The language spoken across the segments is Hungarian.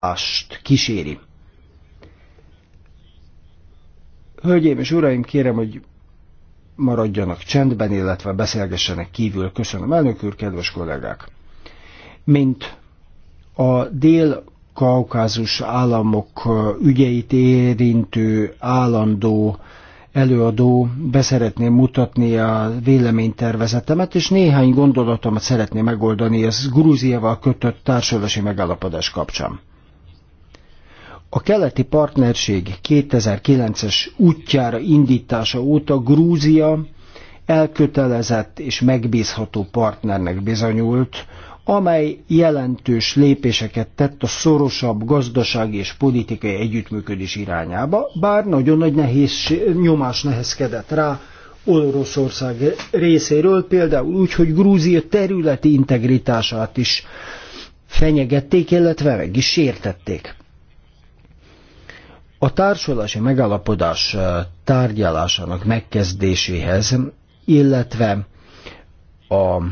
Azt kíséri. Hölgyeim és uraim, kérem, hogy maradjanak csendben, illetve beszélgessenek kívül. Köszönöm, elnök úr, kedves kollégák! Mint a dél kaukázus államok ügyeit érintő állandó előadó beszeretném mutatni a véleménytervezetemet, és néhány gondolatomat szeretném megoldani az Grúziával kötött társulási megállapodás kapcsán. A keleti partnerség 2009-es útjára indítása óta Grúzia elkötelezett és megbízható partnernek bizonyult, amely jelentős lépéseket tett a szorosabb gazdasági és politikai együttműködés irányába, bár nagyon nagy nehéz, nyomás nehezkedett rá Oroszország részéről, például úgy, hogy Grúzia területi integritását is fenyegették, illetve meg is sértették. A társulási megállapodás eh, tárgyalásának megkezdéséhez, illetve a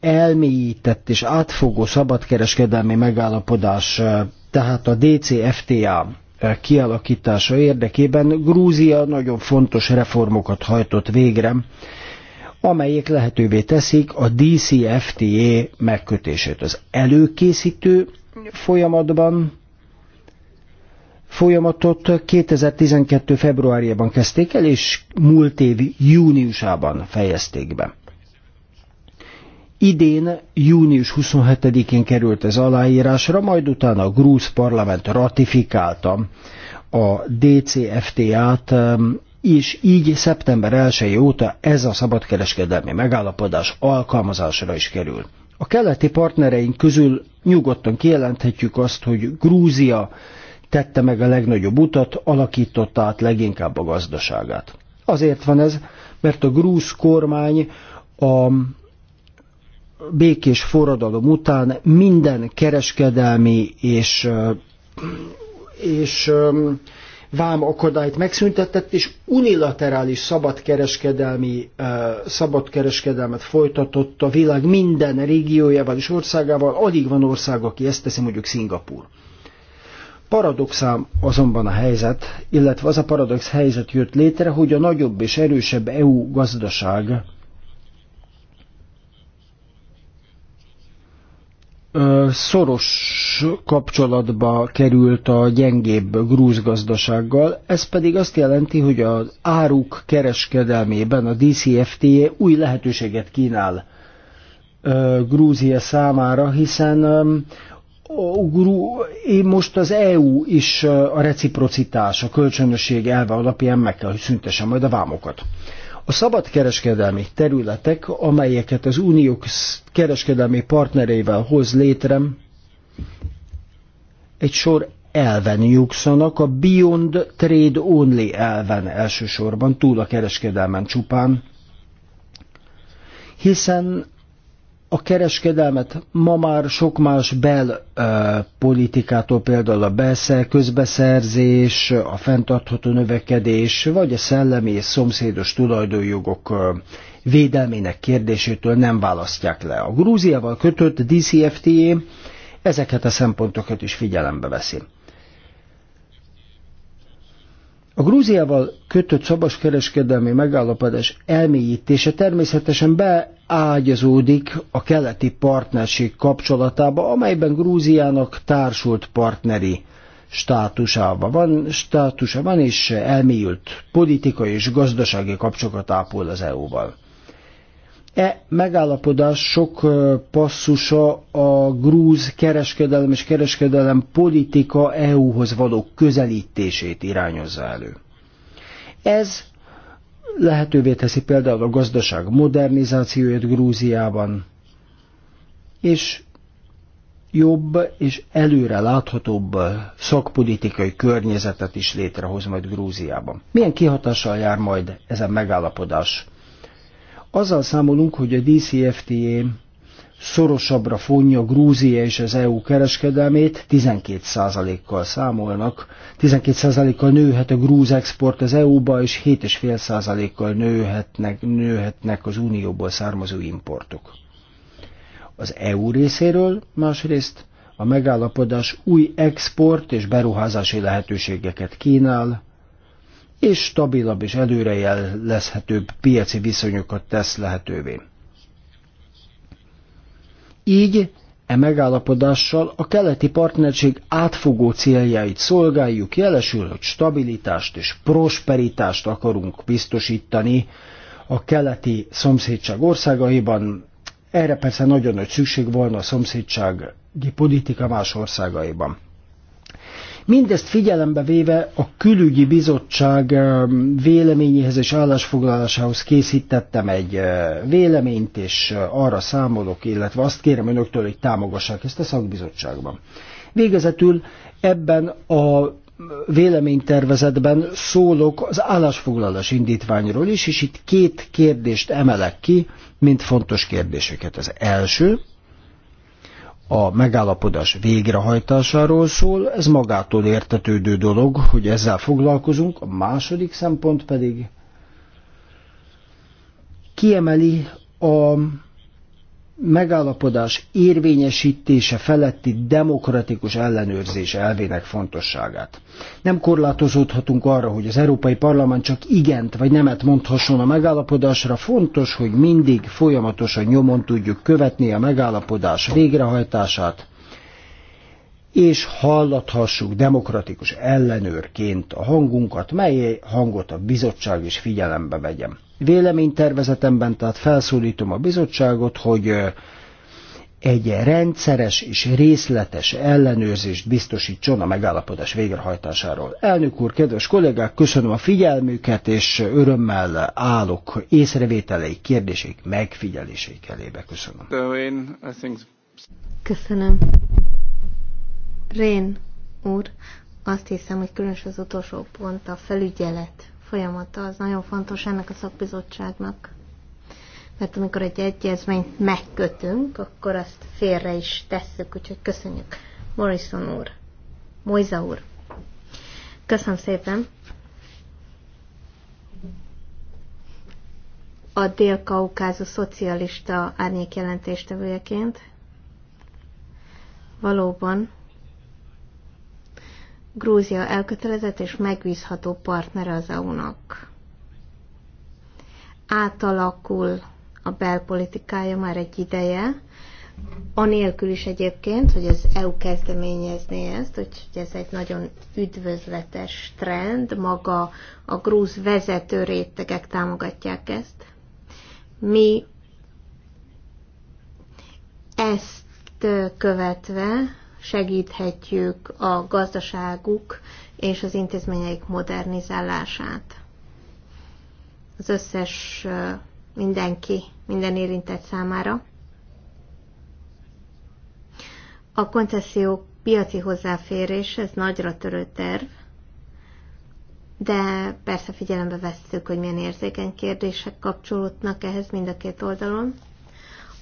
elmélyített és átfogó szabadkereskedelmi megállapodás, eh, tehát a DCFTA eh, kialakítása érdekében Grúzia nagyon fontos reformokat hajtott végre, amelyek lehetővé teszik a DCFTA megkötését. Az előkészítő folyamatban folyamatot 2012. februárjában kezdték el, és múlt év júniusában fejezték be. Idén, június 27-én került ez aláírásra, majd utána a grúz parlament ratifikálta a DCFTA-t, ehm, és így szeptember 1 óta ez a szabadkereskedelmi megállapodás alkalmazásra is kerül. A keleti partnereink közül nyugodtan kijelenthetjük azt, hogy Grúzia tette meg a legnagyobb utat, alakította át leginkább a gazdaságát. Azért van ez, mert a grúz kormány a békés forradalom után minden kereskedelmi és, és vám akadályt megszüntetett, és unilaterális szabadkereskedelmi, szabadkereskedelmet folytatott a világ minden régiójával és országával. Alig van ország, aki ezt teszi, mondjuk Szingapúr. Paradoxám azonban a helyzet, illetve az a paradox helyzet jött létre, hogy a nagyobb és erősebb EU gazdaság szoros kapcsolatba került a gyengébb grúz gazdasággal, ez pedig azt jelenti, hogy az áruk kereskedelmében a DCFTA új lehetőséget kínál Grúzia számára, hiszen ugurú, én most az EU is eh, a reciprocitás, a kölcsönösség elve alapján meg kell, hogy szüntesen majd a vámokat. A szabad kereskedelmi területek, amelyeket az unió kereskedelmi partnereivel hoz létre, egy sor elven nyugszanak, a Beyond Trade Only elven elsősorban, túl a kereskedelmen csupán, hiszen a kereskedelmet ma már sok más belpolitikától, például a belszer, közbeszerzés, a fenntartható növekedés, vagy a szellemi és szomszédos tulajdonjogok védelmének kérdésétől nem választják le. A Grúziával kötött DCFTA ezeket a szempontokat is figyelembe veszi. A Grúziával kötött kereskedelmi megállapodás elmélyítése természetesen beágyazódik a keleti partnerség kapcsolatába, amelyben Grúziának társult partneri státusába van, státusa van, és elmélyült politikai és gazdasági kapcsolatot ápol az EU-val. E megállapodás sok passzusa a grúz kereskedelem és kereskedelem politika EU-hoz való közelítését irányozza elő. Ez lehetővé teszi például a gazdaság modernizációját Grúziában, és jobb és előre láthatóbb szakpolitikai környezetet is létrehoz majd Grúziában. Milyen kihatással jár majd ez a megállapodás azzal számolunk, hogy a DCFTA szorosabbra fonja Grúzia és az EU kereskedelmét, 12%-kal számolnak, 12%-kal nőhet a grúz export az EU-ba, és 7,5%-kal nőhetnek, nőhetnek az Unióból származó importok. Az EU részéről másrészt a megállapodás új export és beruházási lehetőségeket kínál, és stabilabb és előrejelezhetőbb piaci viszonyokat tesz lehetővé. Így e megállapodással a keleti partnerség átfogó céljait szolgáljuk, jelesül, hogy stabilitást és prosperitást akarunk biztosítani a keleti szomszédság országaiban. Erre persze nagyon nagy szükség volna a szomszédsági politika más országaiban. Mindezt figyelembe véve a külügyi bizottság véleményéhez és állásfoglalásához készítettem egy véleményt, és arra számolok, illetve azt kérem önöktől, hogy támogassák ezt a szakbizottságban. Végezetül ebben a véleménytervezetben szólok az állásfoglalás indítványról is, és itt két kérdést emelek ki, mint fontos kérdéseket. Az első, a megállapodás végrehajtásáról szól, ez magától értetődő dolog, hogy ezzel foglalkozunk, a második szempont pedig kiemeli a megállapodás érvényesítése feletti demokratikus ellenőrzés elvének fontosságát. Nem korlátozódhatunk arra, hogy az Európai Parlament csak igent vagy nemet mondhasson a megállapodásra, fontos, hogy mindig folyamatosan nyomon tudjuk követni a megállapodás végrehajtását, és hallathassuk demokratikus ellenőrként a hangunkat, mely hangot a bizottság is figyelembe vegyem véleménytervezetemben, tehát felszólítom a bizottságot, hogy egy rendszeres és részletes ellenőrzést biztosítson a megállapodás végrehajtásáról. Elnök úr, kedves kollégák, köszönöm a figyelmüket, és örömmel állok észrevételeik, kérdéseik, megfigyeléseik elébe. Köszönöm. Köszönöm. Rén úr, azt hiszem, hogy különös az utolsó pont a felügyelet folyamata az nagyon fontos ennek a szakbizottságnak. Mert amikor egy egyezményt megkötünk, akkor azt félre is tesszük, úgyhogy köszönjük. Morrison úr, Moiza úr, köszönöm szépen. A Dél-Kaukázus szocialista árnyék jelentéstevőjeként valóban Grúzia elkötelezett és megbízható partnere az EU-nak. Átalakul a belpolitikája már egy ideje, anélkül is egyébként, hogy az EU kezdeményezné ezt, hogy ez egy nagyon üdvözletes trend, maga a grúz vezető rétegek támogatják ezt. Mi ezt követve segíthetjük a gazdaságuk és az intézményeik modernizálását. Az összes mindenki, minden érintett számára. A koncesziók piaci hozzáférés, ez nagyra törő terv, de persze figyelembe vesszük, hogy milyen érzékeny kérdések kapcsolódnak ehhez mind a két oldalon.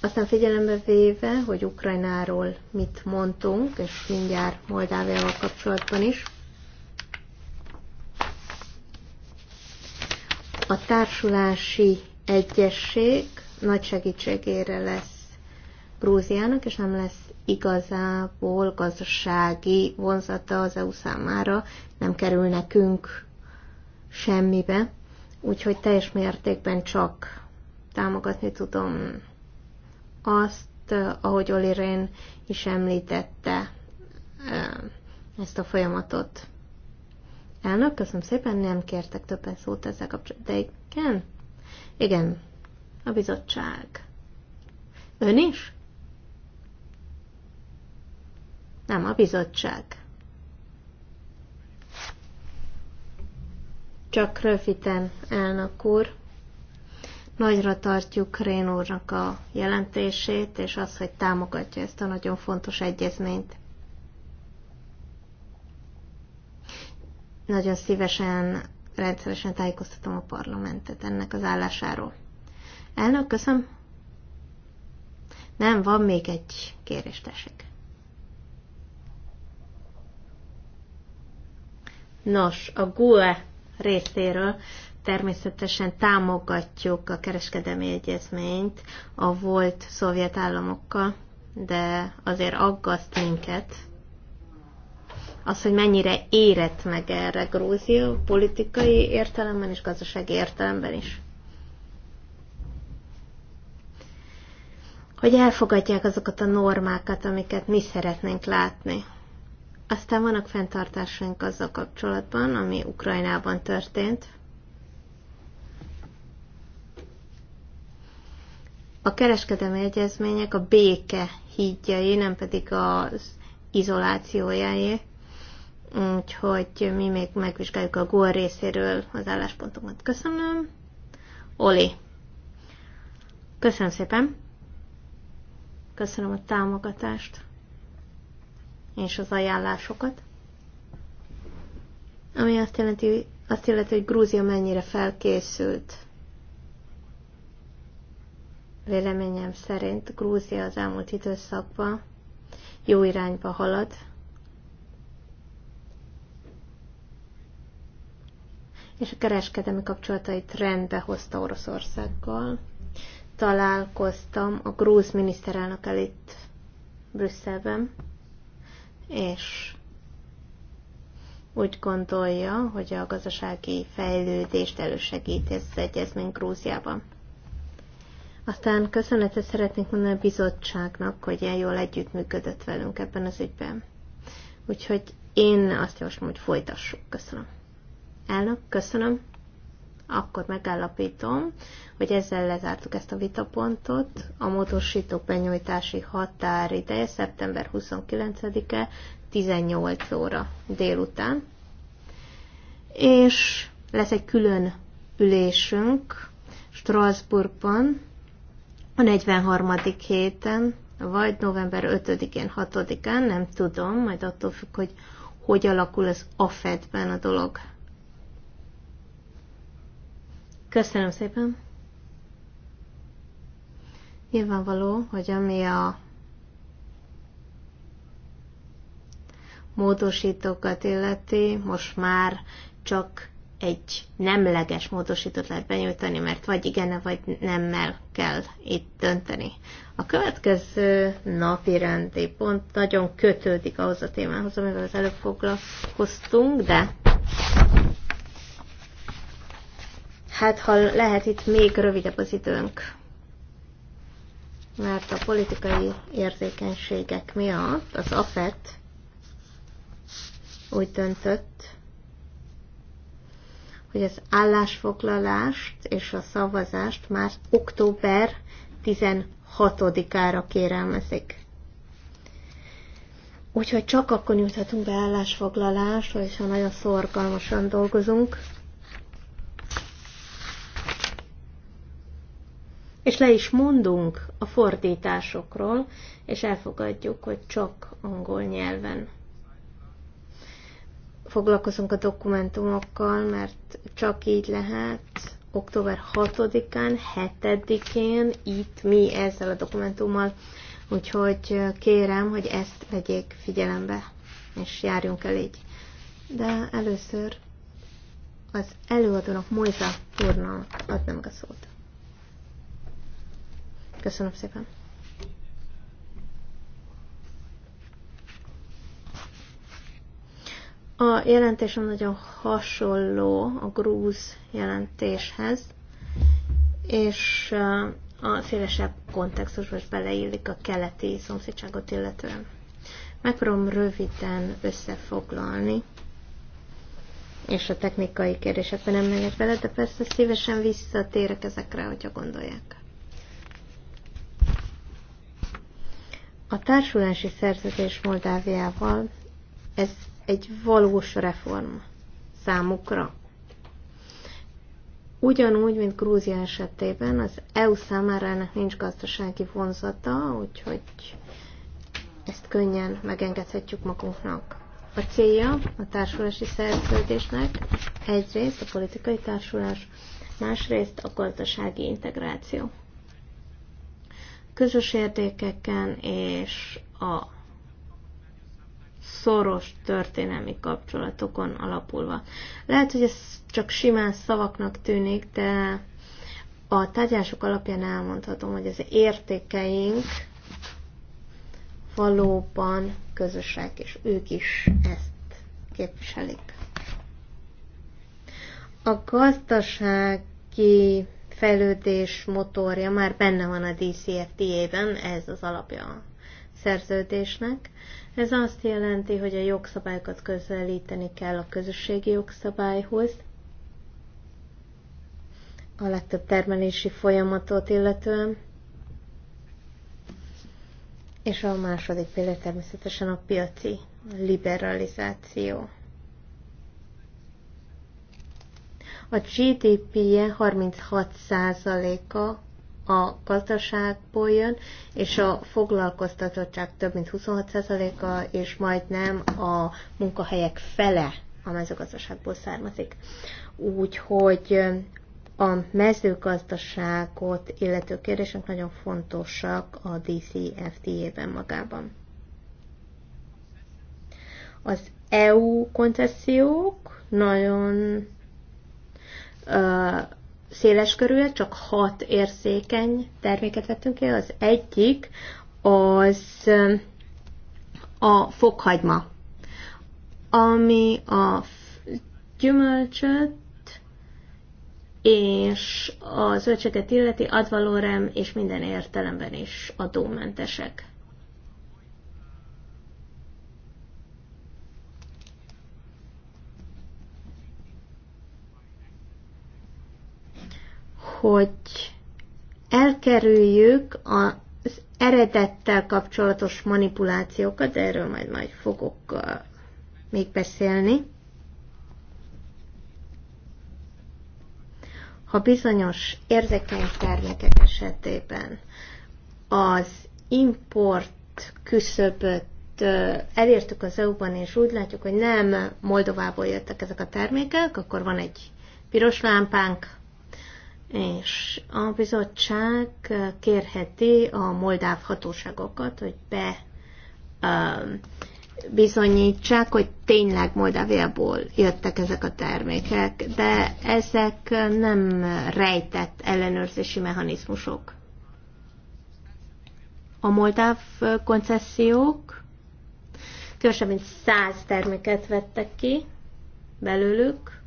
Aztán figyelembe véve, hogy Ukrajnáról mit mondtunk, és mindjárt Moldáviával kapcsolatban is, a társulási egyesség nagy segítségére lesz Grúziának, és nem lesz igazából gazdasági vonzata az EU számára, nem kerül nekünk semmibe, úgyhogy teljes mértékben csak támogatni tudom azt, eh, ahogy Oli Rén is említette eh, ezt a folyamatot. Elnök, köszönöm szépen, nem kértek többen szót ezzel kapcsolatban. De igen? Igen, a bizottság. Ön is? Nem, a bizottság. Csak röviden, elnök úr. Nagyra tartjuk Rén úrnak a jelentését, és az, hogy támogatja ezt a nagyon fontos egyezményt. Nagyon szívesen, rendszeresen tájékoztatom a parlamentet ennek az állásáról. Elnök, köszönöm. Nem, van még egy kérés, tessék. Nos, a GUE részéről természetesen támogatjuk a kereskedelmi egyezményt a volt szovjet államokkal, de azért aggaszt minket az, hogy mennyire érett meg erre Grúzia politikai értelemben és gazdasági értelemben is. Hogy elfogadják azokat a normákat, amiket mi szeretnénk látni. Aztán vannak fenntartásaink azzal kapcsolatban, ami Ukrajnában történt, a kereskedelmi egyezmények a béke hídjai, nem pedig az izolációjáé. Úgyhogy mi még megvizsgáljuk a gól részéről az álláspontomat. Köszönöm. Oli. Köszönöm szépen. Köszönöm a támogatást és az ajánlásokat. Ami azt jelenti, azt jelenti, hogy Grúzia mennyire felkészült Véleményem szerint Grúzia az elmúlt időszakban jó irányba halad. És a kereskedelmi kapcsolatait rendbe hozta Oroszországgal. Találkoztam a grúz miniszterelnök elitt Brüsszelben, és úgy gondolja, hogy a gazdasági fejlődést elősegíti ez az egyezmény Grúziában. Aztán köszönetet szeretnék mondani a bizottságnak, hogy ilyen jól együttműködött velünk ebben az ügyben. Úgyhogy én azt javaslom, hogy folytassuk. Köszönöm. Elnök, köszönöm. Akkor megállapítom, hogy ezzel lezártuk ezt a vitapontot. A módosítók benyújtási határideje szeptember 29-e 18 óra délután. És lesz egy külön ülésünk Strasbourgban a 43. héten, vagy november 5-én, 6-án, nem tudom, majd attól függ, hogy hogy alakul az AFED-ben a dolog. Köszönöm szépen! Nyilvánvaló, hogy ami a módosítókat illeti, most már csak egy nemleges módosítót lehet benyújtani, mert vagy igen, vagy nemmel kell itt dönteni. A következő napi rendi pont nagyon kötődik ahhoz a témához, amivel az előbb foglalkoztunk, de hát ha lehet itt még rövidebb az időnk, mert a politikai érzékenységek miatt az AFET úgy döntött, hogy az állásfoglalást és a szavazást már október 16-ára kérelmezik. Úgyhogy csak akkor nyújthatunk be állásfoglalást, hogyha nagyon szorgalmasan dolgozunk. És le is mondunk a fordításokról, és elfogadjuk, hogy csak angol nyelven foglalkozunk a dokumentumokkal, mert csak így lehet október 6-án, 7-én itt mi ezzel a dokumentummal. Úgyhogy kérem, hogy ezt vegyék figyelembe, és járjunk el így. De először az előadónak, Mojza úrnak adnám a szót. Köszönöm szépen. jelentésem nagyon hasonló a grúz jelentéshez, és uh, a szélesebb kontextusba is beleillik a keleti szomszédságot illetően. Megpróbálom röviden összefoglalni, és a technikai kérdésekben nem megyek bele, de persze szívesen visszatérek ezekre, hogyha gondolják. A társulási szerződés Moldáviával ez egy valós reform számukra. Ugyanúgy, mint Grúzia esetében, az EU számára ennek nincs gazdasági vonzata, úgyhogy ezt könnyen megengedhetjük magunknak. A célja a társulási szerződésnek egyrészt a politikai társulás, másrészt a gazdasági integráció. Közös értékeken és a szoros történelmi kapcsolatokon alapulva. Lehet, hogy ez csak simán szavaknak tűnik, de a tárgyások alapján elmondhatom, hogy az értékeink valóban közösek, és ők is ezt képviselik. A gazdasági fejlődés motorja már benne van a DCFTA-ben, ez az alapja szerződésnek. Ez azt jelenti, hogy a jogszabályokat közelíteni kell a közösségi jogszabályhoz, a legtöbb termelési folyamatot illetően. És a második példa természetesen a piaci liberalizáció. A GDP-je 36%-a a gazdaságból jön, és a foglalkoztatottság több mint 26%-a, és majdnem a munkahelyek fele a mezőgazdaságból származik. Úgyhogy a mezőgazdaságot illető kérdések nagyon fontosak a DCFTA-ben magában. Az EU koncesziók nagyon széles körűek, csak hat érzékeny terméket vettünk ki. Az egyik az um, a fokhagyma, ami a gyümölcsöt és a zöldséget illeti advalorem és minden értelemben is adómentesek. hogy elkerüljük az eredettel kapcsolatos manipulációkat, de erről majd majd fogok uh, még beszélni. Ha bizonyos érzékeny termékek esetében az import küszöböt uh, elértük az EU-ban, és úgy látjuk, hogy nem Moldovából jöttek ezek a termékek, akkor van egy piros lámpánk, és a bizottság kérheti a moldáv hatóságokat, hogy be bizonyítsák, hogy tényleg Moldáviából jöttek ezek a termékek, de ezek nem rejtett ellenőrzési mechanizmusok. A moldáv koncesziók kevesebb mint száz terméket vettek ki belőlük,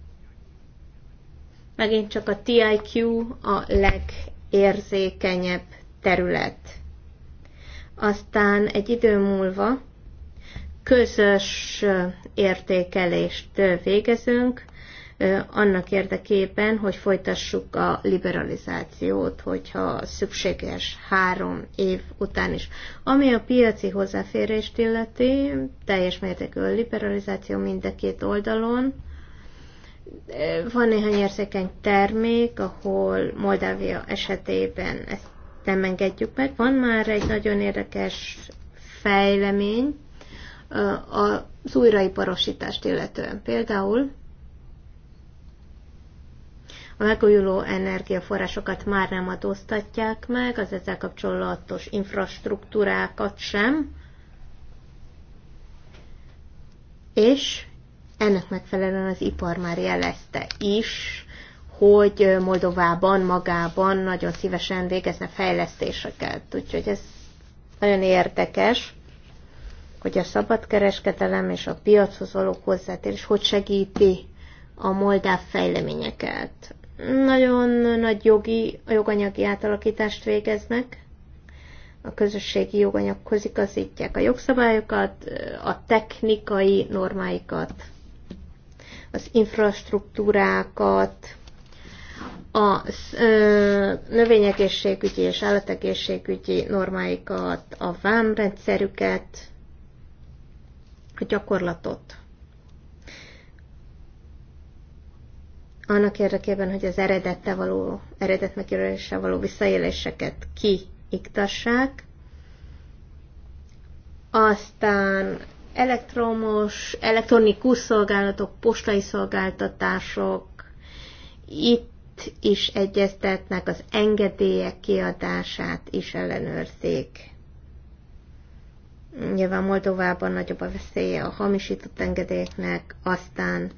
Megint csak a TIQ a legérzékenyebb terület. Aztán egy idő múlva közös értékelést végezünk, annak érdekében, hogy folytassuk a liberalizációt, hogyha szükséges három év után is. Ami a piaci hozzáférést illeti, teljes mértékű a liberalizáció mind a két oldalon, van néhány érzékeny termék, ahol Moldávia esetében ezt nem engedjük meg. Van már egy nagyon érdekes fejlemény az újraiparosítást illetően. Például a megújuló energiaforrásokat már nem adóztatják meg, az ezzel kapcsolatos infrastruktúrákat sem, és ennek megfelelően az ipar már jelezte is, hogy Moldovában magában nagyon szívesen végezne fejlesztéseket. Úgyhogy ez nagyon érdekes, hogy a szabadkereskedelem és a piachoz való hozzátérés hogy segíti a moldáv fejleményeket. Nagyon nagy jogi, a joganyagi átalakítást végeznek, a közösségi joganyaghoz igazítják a jogszabályokat, a technikai normáikat az infrastruktúrákat, a növényegészségügyi és állategészségügyi normáikat, a vámrendszerüket, a gyakorlatot. Annak érdekében, hogy az eredette való, eredet megjelöléssel való visszaéléseket kiiktassák, aztán elektromos, elektronikus szolgálatok, postai szolgáltatások, itt is egyeztetnek az engedélyek kiadását is ellenőrzik. Nyilván Moldovában nagyobb a veszélye a hamisított engedélyeknek, aztán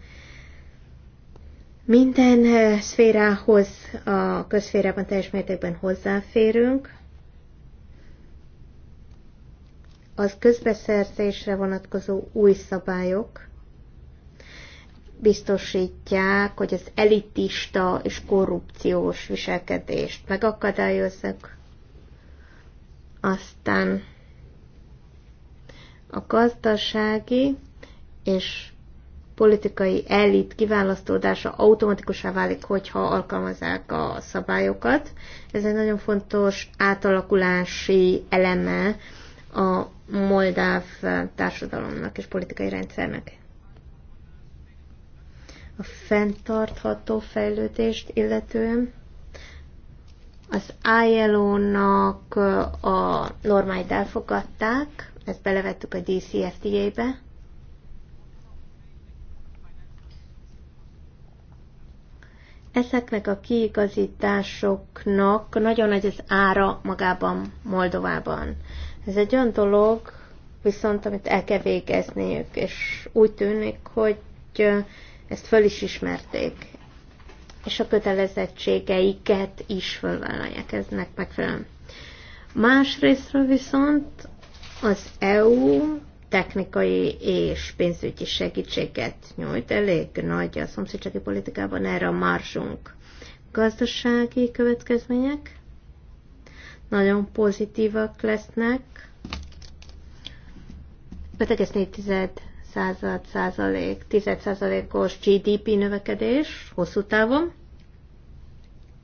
minden eh, szférához a közférában teljes mértékben hozzáférünk, az közbeszerzésre vonatkozó új szabályok biztosítják, hogy az elitista és korrupciós viselkedést megakadályozzak. Aztán a gazdasági és politikai elit kiválasztódása automatikusá válik, hogyha alkalmazzák a szabályokat. Ez egy nagyon fontos átalakulási eleme a moldáv társadalomnak és politikai rendszernek. A fenntartható fejlődést illetően az ILO-nak a normáit elfogadták, ezt belevettük a DCFTA-be, ezeknek a kiigazításoknak nagyon nagy az ára magában Moldovában. Ez egy olyan dolog, viszont amit el kell végezniük, és úgy tűnik, hogy ezt föl is ismerték, és a kötelezettségeiket is fölvállalják eznek megfelelően. Másrésztről viszont az EU technikai és pénzügyi segítséget nyújt. Elég nagy a szomszédsági politikában erre a marsunk. Gazdasági következmények? nagyon pozitívak lesznek. 5,4 század százalék, 10 százalékos GDP növekedés hosszú távon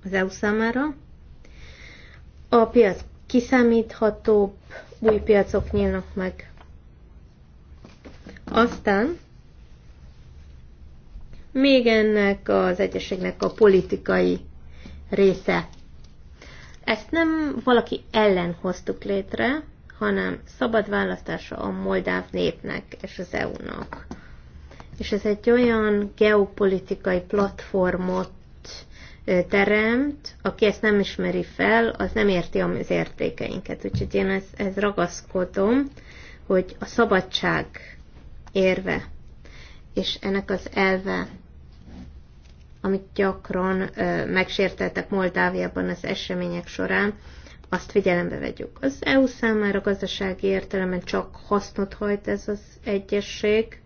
az EU számára. A piac kiszámíthatóbb, új piacok nyílnak meg. Aztán még ennek az egyeségnek a politikai része ezt nem valaki ellen hoztuk létre, hanem szabad választása a moldáv népnek és az EU-nak. És ez egy olyan geopolitikai platformot teremt, aki ezt nem ismeri fel, az nem érti az értékeinket. Úgyhogy én ez, ez ragaszkodom, hogy a szabadság érve, és ennek az elve amit gyakran megsértettek Moldáviában az események során, azt figyelembe vegyük. Az EU számára gazdasági értelemben csak hasznot hajt ez az egyesség.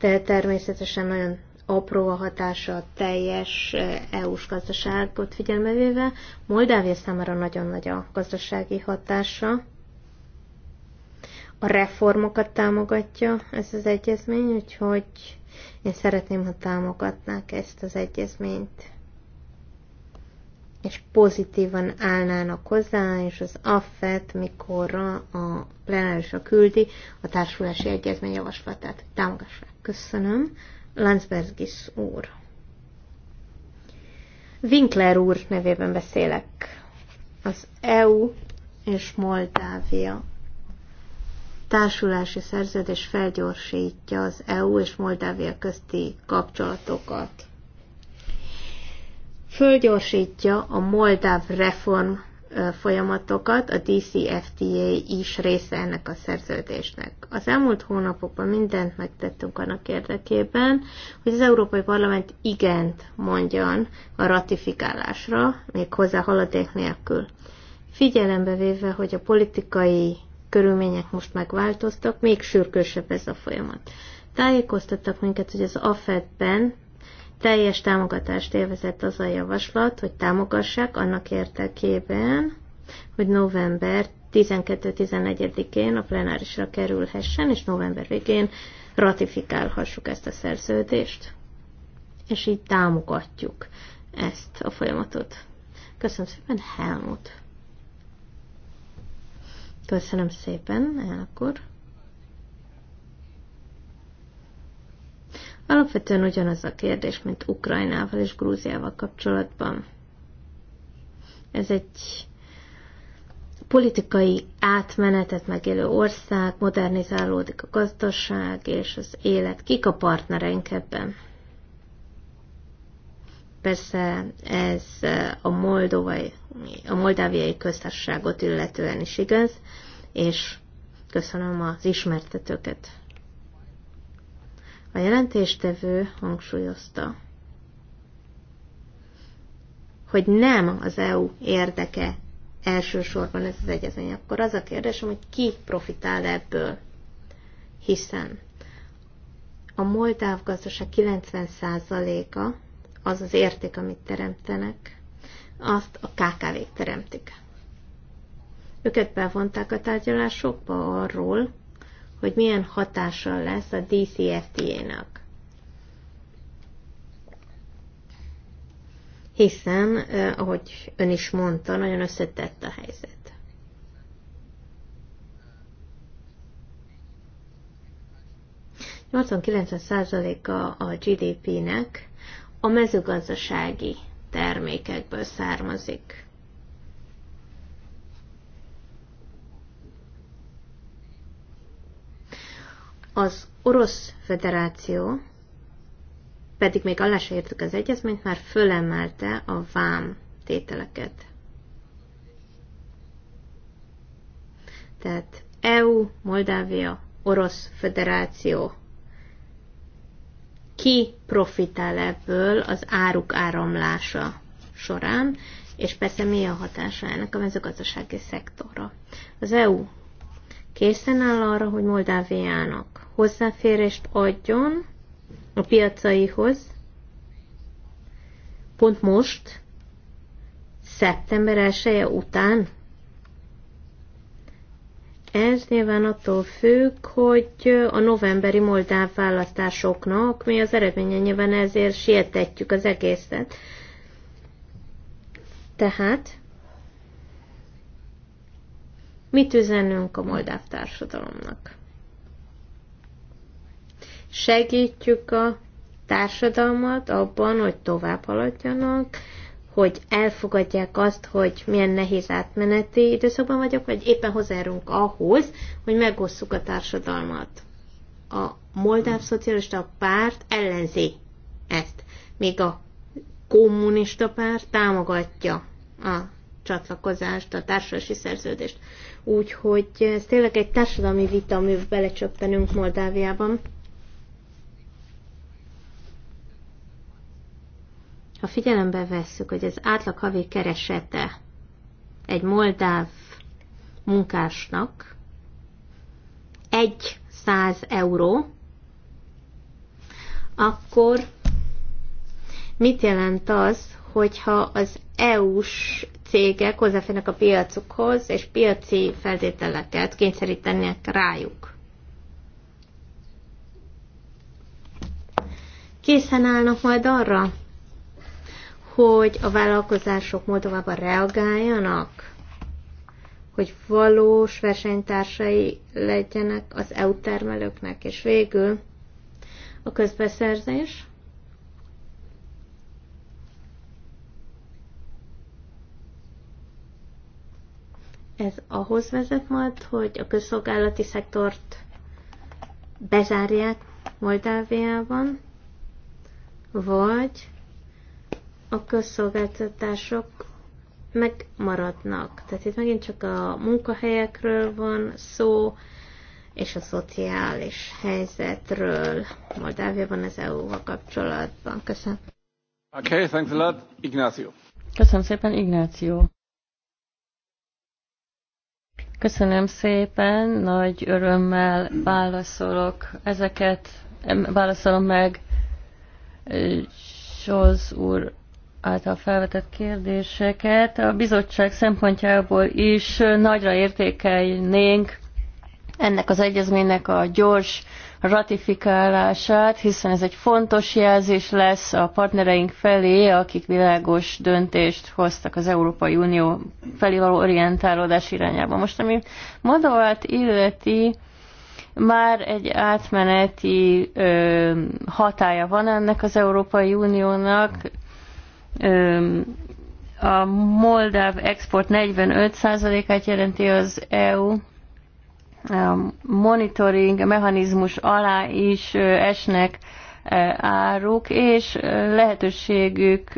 De természetesen nagyon apró a hatása a teljes EU-s gazdaságot figyelmevéve. Moldávia számára nagyon nagy a gazdasági hatása a reformokat támogatja ez az egyezmény, úgyhogy én szeretném, ha támogatnák ezt az egyezményt. És pozitívan állnának hozzá, és az AFET, mikor a plenárisra küldi a társulási egyezmény javaslatát, támogassák. Köszönöm. Landsbergis úr. Winkler úr nevében beszélek. Az EU és Moldávia társulási szerződés felgyorsítja az EU és Moldávia közti kapcsolatokat. Fölgyorsítja a moldáv reform folyamatokat, a DCFTA is része ennek a szerződésnek. Az elmúlt hónapokban mindent megtettünk annak érdekében, hogy az Európai Parlament igent mondjon a ratifikálásra, még hozzá haladék nélkül. Figyelembe véve, hogy a politikai körülmények most megváltoztak, még sürgősebb ez a folyamat. Tájékoztattak minket, hogy az AFED-ben teljes támogatást élvezett az a javaslat, hogy támogassák annak érdekében, hogy november 12-11-én a plenárisra kerülhessen, és november végén ratifikálhassuk ezt a szerződést. És így támogatjuk ezt a folyamatot. Köszönöm szépen, Helmut! Köszönöm szépen, elnök akkor. Alapvetően ugyanaz a kérdés, mint Ukrajnával és Grúziával kapcsolatban. Ez egy politikai átmenetet megélő ország, modernizálódik a gazdaság és az élet. Kik a partnereink ebben? Persze ez a moldovai a moldáviai köztársaságot illetően is igaz, és köszönöm az ismertetőket. A jelentéstevő hangsúlyozta, hogy nem az EU érdeke elsősorban ez az egyezmény, akkor az a kérdésem, hogy ki profitál ebből, hiszen a moldáv gazdaság 90%-a az az érték, amit teremtenek, azt a KKV-k teremtik. Őket bevonták a tárgyalásokba arról, hogy milyen hatással lesz a DCFTA-nak. Er Hiszen, eh, ahogy ön is mondta, nagyon összetett a helyzet. a a GDP-nek a mezőgazdasági termékekből származik. Az Orosz Federáció pedig még alá se értük az egyezményt, már fölemelte a vám tételeket. Tehát EU, Moldávia, Orosz Federáció ki profitál ebből az áruk áramlása során, és persze mi a hatása ennek a mezőgazdasági szektorra. Az EU készen áll arra, hogy Moldáviának hozzáférést adjon a piacaihoz, pont most, szeptember 1 -e után, ez nyilván attól függ, hogy a novemberi moldáv választásoknak mi az eredménye, nyilván ezért sietetjük az egészet. Tehát mit üzenünk a moldáv társadalomnak? Segítjük a társadalmat abban, hogy tovább haladjanak, hogy elfogadják azt, hogy milyen nehéz átmeneti időszakban vagyok, vagy éppen hozzájárunk ahhoz, hogy megosszuk a társadalmat. A Moldáv Szocialista Párt ellenzi ezt, még a kommunista párt támogatja a csatlakozást, a társadalmi szerződést. Úgyhogy ez tényleg egy társadalmi vita, amivel belecsöppenünk Moldáviában. ha figyelembe vesszük, hogy az átlag havi keresete egy moldáv munkásnak egy száz euró, akkor mit jelent az, hogyha az EU-s cégek hozzáférnek a piacukhoz, és piaci feltételeket kényszerítenek rájuk? Készen állnak majd arra, hogy a vállalkozások Moldovában reagáljanak, hogy valós versenytársai legyenek az EU termelőknek, és végül a közbeszerzés. Ez ahhoz vezet majd, hogy a közszolgálati szektort bezárják Moldáviában, vagy a közszolgáltatások megmaradnak. Tehát itt megint csak a munkahelyekről van szó, és a szociális helyzetről Moldáviában az EU-val kapcsolatban. Köszönöm. Okay, thanks a lot, Ignacio. Köszönöm szépen, Ignáció. Köszönöm szépen, nagy örömmel válaszolok ezeket, válaszolom meg eh, Zsóz úr által felvetett kérdéseket. A bizottság szempontjából is nagyra értékelnénk ennek az egyezménynek a gyors ratifikálását, hiszen ez egy fontos jelzés lesz a partnereink felé, akik világos döntést hoztak az Európai Unió felé való orientálódás irányába. Most, ami Madovát illeti, már egy átmeneti ö, hatája van ennek az Európai Uniónak, a moldáv export 45%-át jelenti az EU, a monitoring mechanizmus alá is esnek áruk, és lehetőségük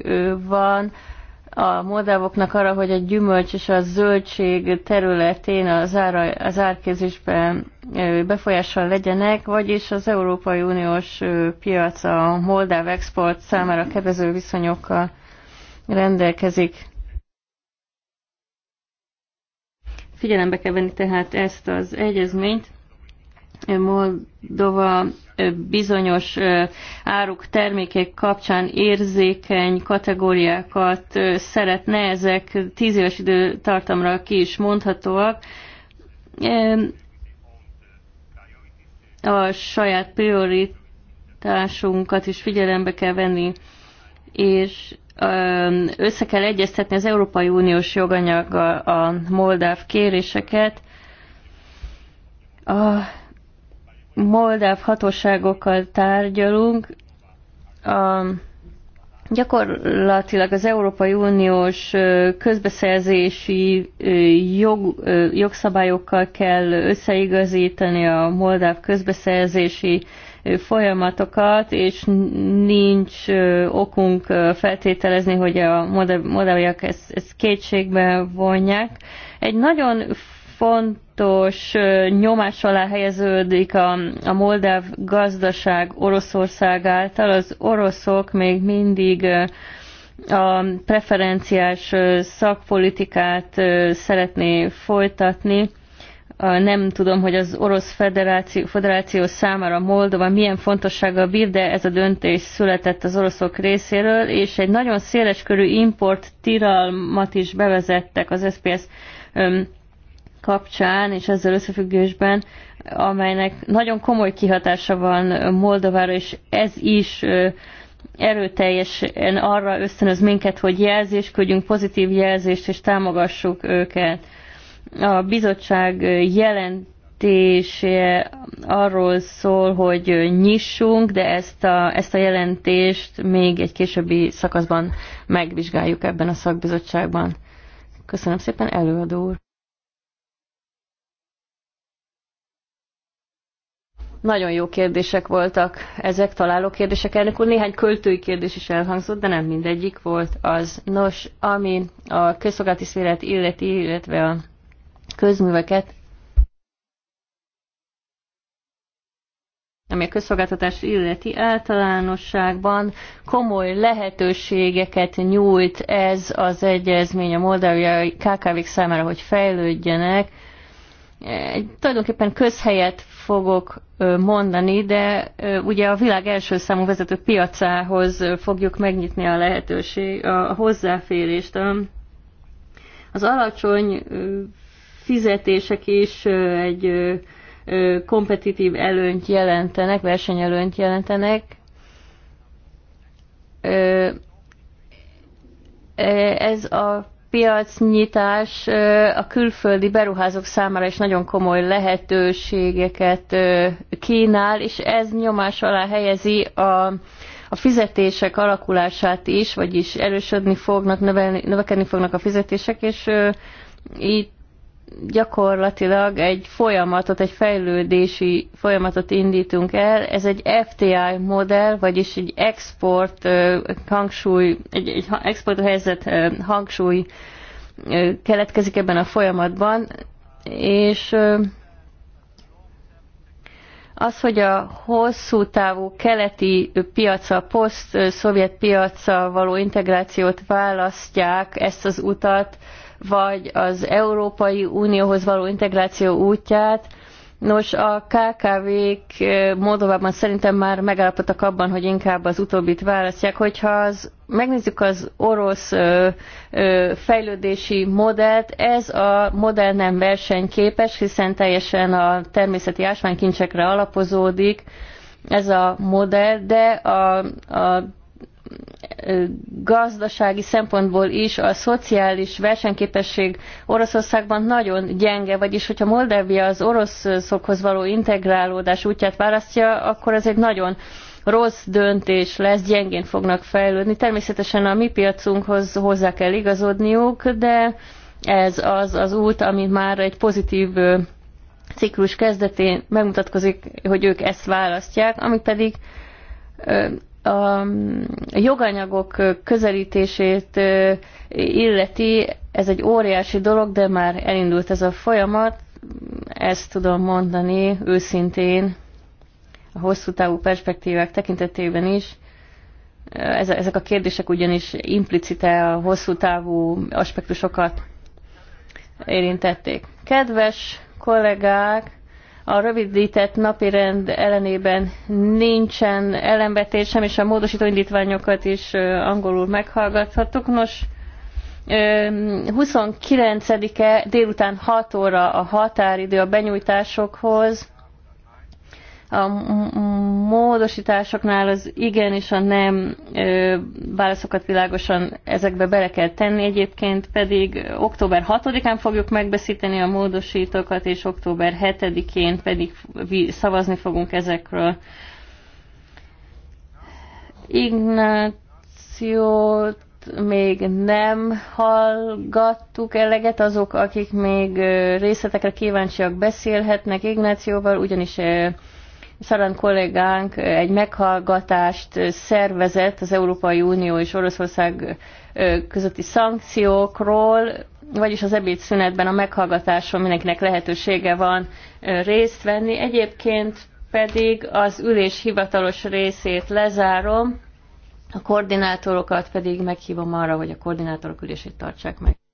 van a moldávoknak arra, hogy a gyümölcs és a zöldség területén az, ára, az árkézésben befolyással legyenek, vagyis az Európai Uniós piac a moldáv export számára kedvező viszonyokkal rendelkezik. Figyelembe kell venni tehát ezt az egyezményt. Moldova bizonyos áruk, termékek kapcsán érzékeny kategóriákat szeretne, ezek tíz éves időtartamra ki is mondhatóak. A saját prioritásunkat is figyelembe kell venni, és össze kell egyeztetni az Európai Uniós joganyaggal a moldáv kéréseket. A moldáv hatóságokkal tárgyalunk. A, gyakorlatilag az Európai Uniós közbeszerzési jog, jogszabályokkal kell összeigazítani a moldáv közbeszerzési folyamatokat, és nincs okunk feltételezni, hogy a modelljak ezt, ezt kétségbe vonják. Egy nagyon fontos nyomás alá helyeződik a, a moldáv gazdaság Oroszország által. Az oroszok még mindig a preferenciás szakpolitikát szeretné folytatni, nem tudom, hogy az Orosz Federáció, Federáció számára Moldova milyen fontossága bír, de ez a döntés született az oroszok részéről, és egy nagyon széleskörű import tiralmat is bevezettek az SPS kapcsán és ezzel összefüggésben, amelynek nagyon komoly kihatása van Moldovára, és ez is erőteljesen arra ösztönöz minket, hogy jelzést küldjünk, pozitív jelzést, és támogassuk őket a bizottság jelentése arról szól, hogy nyissunk, de ezt a, ezt a jelentést még egy későbbi szakaszban megvizsgáljuk ebben a szakbizottságban. Köszönöm szépen, előadó úr! Nagyon jó kérdések voltak ezek, találó kérdések. Elnök úr, néhány költői kérdés is elhangzott, de nem mindegyik volt az. Nos, ami a közszolgálati szélet illeti, illetve a közműveket, ami a közszolgáltatás illeti általánosságban komoly lehetőségeket nyújt ez az egyezmény a moldáviai KKV-k számára, hogy fejlődjenek. Egy, tulajdonképpen közhelyet fogok mondani, de ugye a világ első számú vezető piacához fogjuk megnyitni a lehetőség, a hozzáférést. Az alacsony fizetések is egy kompetitív előnyt jelentenek, versenyelőnyt jelentenek. Ez a piacnyitás a külföldi beruházók számára is nagyon komoly lehetőségeket kínál, és ez nyomás alá helyezi a, a fizetések alakulását is, vagyis erősödni fognak, növelni, növekedni fognak a fizetések, és itt gyakorlatilag egy folyamatot, egy fejlődési folyamatot indítunk el. Ez egy FTI modell, vagyis egy export hangsúly, egy, egy export helyzet hangsúly keletkezik ebben a folyamatban, és az, hogy a hosszú távú keleti piaca, poszt-szovjet piaca való integrációt választják, ezt az utat, vagy az Európai Unióhoz való integráció útját. Nos, a KKV-k Moldovában szerintem már megállapodtak abban, hogy inkább az utóbbit választják. Hogyha az, megnézzük az orosz ö, ö, fejlődési modellt, ez a modell nem versenyképes, hiszen teljesen a természeti ásványkincsekre alapozódik ez a modell, de a, a gazdasági szempontból is a szociális versenyképesség Oroszországban nagyon gyenge, vagyis hogyha Moldávia az oroszokhoz való integrálódás útját választja, akkor ez egy nagyon rossz döntés lesz, gyengén fognak fejlődni. Természetesen a mi piacunkhoz hozzá kell igazodniuk, de ez az az út, ami már egy pozitív ciklus kezdetén megmutatkozik, hogy ők ezt választják, ami pedig a joganyagok közelítését illeti, ez egy óriási dolog, de már elindult ez a folyamat, ezt tudom mondani őszintén a hosszú távú perspektívák tekintetében is. Ezek a kérdések ugyanis implicite a hosszú távú aspektusokat érintették. Kedves kollégák, a rövidített napirend ellenében nincsen ellenvetésem, és a módosító indítványokat is angolul meghallgathatok. Nos, 29-e délután 6 óra a határidő a benyújtásokhoz. A módosításoknál az igen és a nem ö, válaszokat világosan ezekbe bele kell tenni. Egyébként pedig október 6-án fogjuk megbeszíteni a módosítókat, és október 7-én pedig szavazni fogunk ezekről. Ignációt még nem hallgattuk eleget, azok, akik még részletekre kíváncsiak beszélhetnek Ignációval, ugyanis Szaran kollégánk egy meghallgatást szervezett az Európai Unió és Oroszország közötti szankciókról, vagyis az ebédszünetben a meghallgatáson mindenkinek lehetősége van részt venni. Egyébként pedig az ülés hivatalos részét lezárom, a koordinátorokat pedig meghívom arra, hogy a koordinátorok ülését tartsák meg.